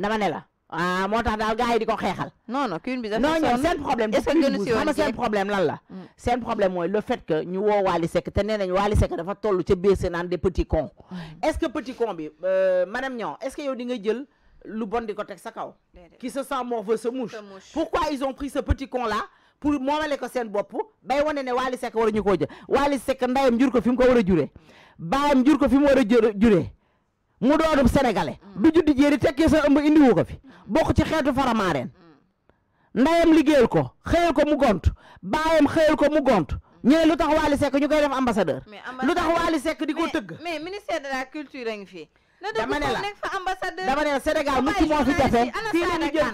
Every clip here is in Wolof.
dama ne la ah moo tax daal gars yi di ko xeexal. non non bi dafa non ñoom seen problème. est-ce que gënu si woon seen problème lan la. Mm. seen problème mooy le fait que ñu woo Wally Seck te nee nañ Wally Seck dafa toll ca BC naan des petits cons. est-ce que petit con bi euh, madame Niang est-ce que yow di nga jël lu bon di ko teg sa kaw. qui se sent mort se mouche. pourquoi ils ont pris ce petit con là pour moomale ko seen bopp bay wane ne Wally Seck waruñu koo jël Wally Seck ndayam jur ko fi mu ko war a juree baayam jur ko fi mu war a juree. mu doonub sénégalais mm. du juddi jéeri tekki sa ëmb indiwu ko fi mm. bokk ci xeetu faramaareen mm. ndayam liggéeyal ko xëyal ko mu gont baayam xëyal ko mu gont ñu ne lu tax Wally Seck ñu koy def ambassadeur lu tax Wally Seck di ko tëgg mais ministère de la culture ngi fii dama ne la dama ne la Sénégal mucc moo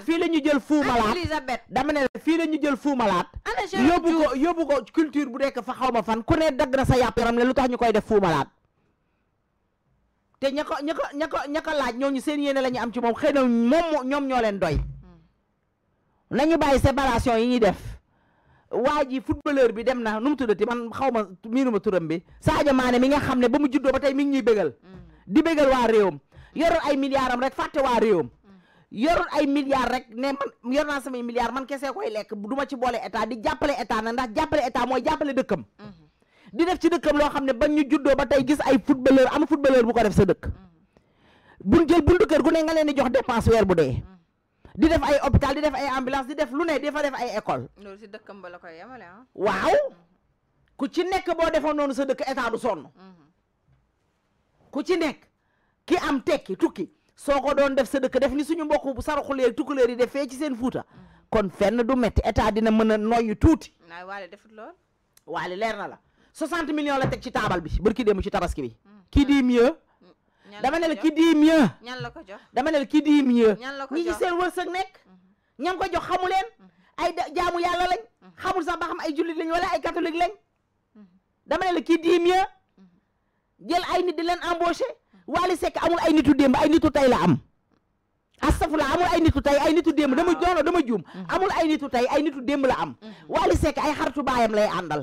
fii la ñu jël fii fuumalaat dama ne la fii la ñu jël fuumalaat yóbbu ko yóbbu ko culture bu nekk fa xaw ma fan ku ne dagg na sa yàpp yaram ne lu tax ñu koy def fuumalaat te ña ko ña ko ña ko ña ko yéene la ñu am ci moom xëy na moom ñoom ñoo leen doy hmm. nañu bàyyi séparation yi ñuy def waa ji footballeur bi dem na nu mu ti man xaw ma miinuma turam bi Sadio Mané mi nga xam ne ba mu juddoo ba tey mi ngi ñuy bégal hmm. di bégal waa réewam yorul ay milliards rek fàtte waa réewam hmm. yorul ay milliards rek ne man yor naa samay milliards man kese koy lekk du ma ci boole état di jàppale état na ndax jàppale état mooy jàppale dëkkam di def ci dëkkam loo xam ne ba ñu juddoo ba tey gis ay footballeur am footballeur bu ko def sa dëkk mm. buñ jël buntu kër gu ne nga leen di jox dépense weer bu dee mm. di def ay hôpital di def ay ambulance def lu ne di fa ay école loolu ci dëkkam ba la koy yemale ah. waaw mm. ku ci nekk boo defoon noonu sa dëkk état du sonn ku ci nekk ki am tekki tukki soo ko doon def sa dëkk def ni suñu mbokk saraxuleer tukkuleer yi def fee ci seen fuuta kon fenn du metti état dina mën a noyyu tuuti waale defut lool waale leer na la 60 millions la tek ci taabal bi barki dem ci tabaski bi ki hmm. di mieux hmm. dama ne ki di mieux ñan la ko jox dama ne ki di mieux ñi ci seen wërseuk nek hmm. ñan ko jox xamu ay jaamu yalla lañ xamul sax ba ay julit lañ wala ay catholique lañ dama ne ki di mieux jël ay nit di len embaucher wali sek amul ay nitu dem ay nitu tay la am astafula amul ay nitu tay ay nitu dem dama ah. joono dama joom amul ay nitu tay ay nitu dem la am wali sek ay xartu bayam lay andal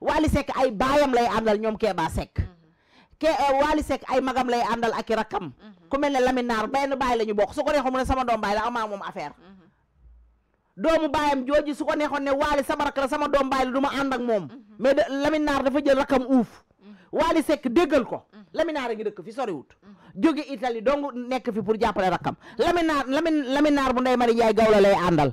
Wally Seck ay baayam lay àndal ñoom Kéba Seck mm-hmm. ke eh, Wally sekk ay magam lay àndal ak i rakkam mm-hmm. ku mel ne Lamine Naar benn baay la ñu bokk su ko neexoon mu ne sama doom baay la amaa moom affaire mm-hmm. doomu su ko neexoon ne Wally sama rakk la sama doom baay la du ma ànd moom mais Lamine Naar dafa jël rakkam uuf waali sekk dëggal ko Lamine Naar a ngi dëkk fi soriwut jóge Italie dong nekk fi pour jàppale rakkam Lamine Naar Lamine Lamine Naar bu Ndeye Marie Ndiaye Gawlo lay àndal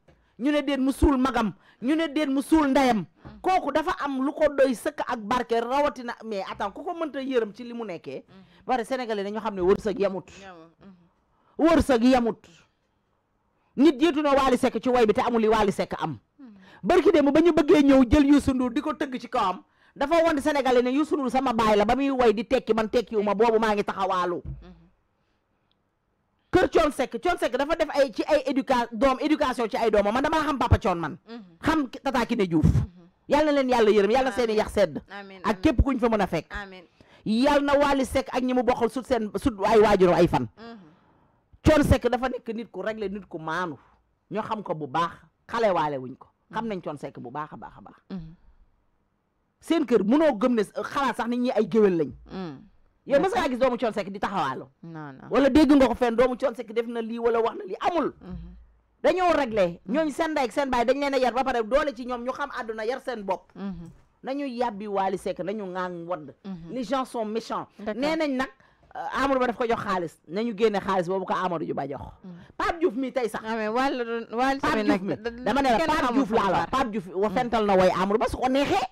ñu ne déet mu suul magam ñu ne déet mu suul ndeyam kooku dafa am lu ko doy sëkk ak barke rawatina mais attends ku ko mënta yërëm ci li mu nekkee mm. bari sénégalais dañoo xam ne wërsëg yamut mm-hmm. wërsëg yamut nit jiitu na Wally sekk ci way bi te amul li Wally sekk am mm. barki mu ba ñu bëggee ñëw jël Youssou Ndour di ko tëgg ci kawam dafa won sénégalais ne yu Ndour sama baay la ba muy way di tekki man tekkiwuma boobu maa ngi taxawaalu mm-hmm. kër coon sekk coon sekk dafa def ay ci ay éduca ci ay doomam man damaa xam papa coon man mhm. xam tata Kiné Diouf mhm. yàlla na leen yàlla yërëm yàlla seeni yax sedd ak képp kuñ fa mën a fekk yàlla na Wally Seck ak ñi mu bokkal sut seen ay waajuram ay fan coon mhm. sekk dafa nekk nit ku réglé nit ku maanu ñoo xam ko bu baax xale wale wuñ ko xam nañ coon sekk bu baax a baax a baax seen kër mënoo gëm ne xalaat sax ni ñi ay géwél lañ yow mës ngaa gis doomu Thione Seck di taxawaalu wala dégg nga ko fenn doomu Thione def na lii wala wax na lii amul mm-hmm. dañoo réglé mm-hmm. ñooñu seen ndey ak seen baay dañ leen a yar ba pare doole ci ñoom ñu xam àdduna yar seen bopp mm-hmm. nañu yàbbi Wally Seck nañu ŋaang wadd les gens sont méchants nee nañ nag euh, Amadou Ba daf ko jox xaalis nañu génne xaalis boobu ko Amadou ju ba jox Pape Diouf mi tey sax Pape Diouf mi dama ne wa fental na way Amadou Ba su ko neexee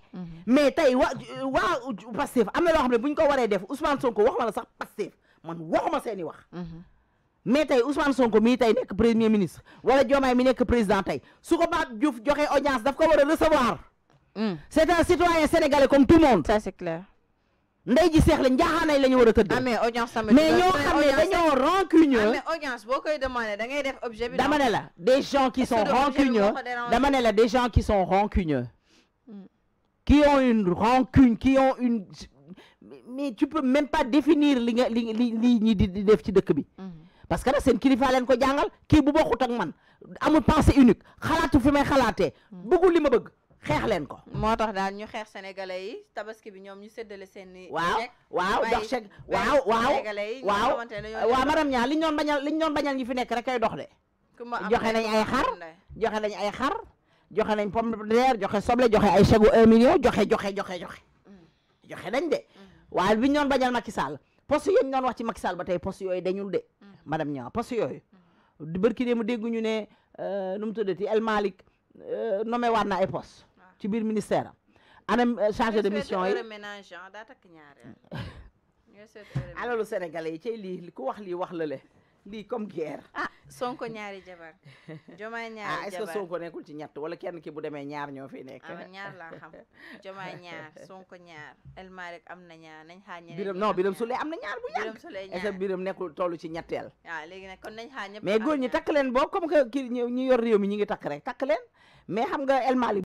mais tay wa wa Pastef amna lo xamné buñ ko waré def Ousmane Sonko waxuma la sax Pastef man waxuma seeni wax. Mhm. mais tay Ousmane Sonko mi tay nek premier ministre wala jomay mi nek président tay suko ba Pape Diouf joxe audience daf ko wara a recevoir. Mm. c'est un citoyen sénégalais comme tout le monde. ça c'est clair. ndey ji cheikh la njaaxaanay lañu wara teud a audience tamit mais ño xamné ne rancunieux. mais audience ah, bokoy demander demandé da ngay def objet bi. dama ne la des gens qui sont rancunieux dama mm. ne la des gens qui sont rancunieux qui ont une rancune, qui ont une... Mais tu peux même pas définir les lignes li li mhm. parce que kilifa ko bu man unique fi may mais mhm. li ma ko. motax ñu sénégalais yi tabaski bi ñom ñu sais waaw waaw dox waouh waaw waaw madame li ñu bañal li ñu bañal ñi fi nek rek kay dox nañ joxe nañ pomme de terre joxe soble joxe ay chèque un million joxe joxe joxe joxe mm. joxe nañ de mm. waaye bi ñu doon bañal Macky Sall poste yooyu ñu doon wax ci Macky Sall ba tey poste yooyu dañul de mm. madame Niang poste yooyu di bërki dée mu dégguñu ne euh, nu mu tuddati El Malick euh, nommé waat na ay poste ah. ci biir ministère am anam euh, chargé de mission yi ah, alalu Sénégalais yi cay lii ku wax lii wax la le lii comme guerre ah, Sonko ñaari jabar Jomaay ah, ñaari jabar ah est-ce Sonko nekkul ci ñett wala kenn ki bu demee ñaar ñoo fi nekk. am ah, ñaar laa xam Jomaay ñaar na nañ xaar ñeneen. Biram non Biram Souleye am na ñaar bu yàgg. est-ce que Biram nekkul tollu ci ñetteel. waaw ah, léegi nag kon nañ xaar ñëpp mais góor ñi leen boobu comme que kii ñu yor réew mi ñu ngi takk rek takk leen mais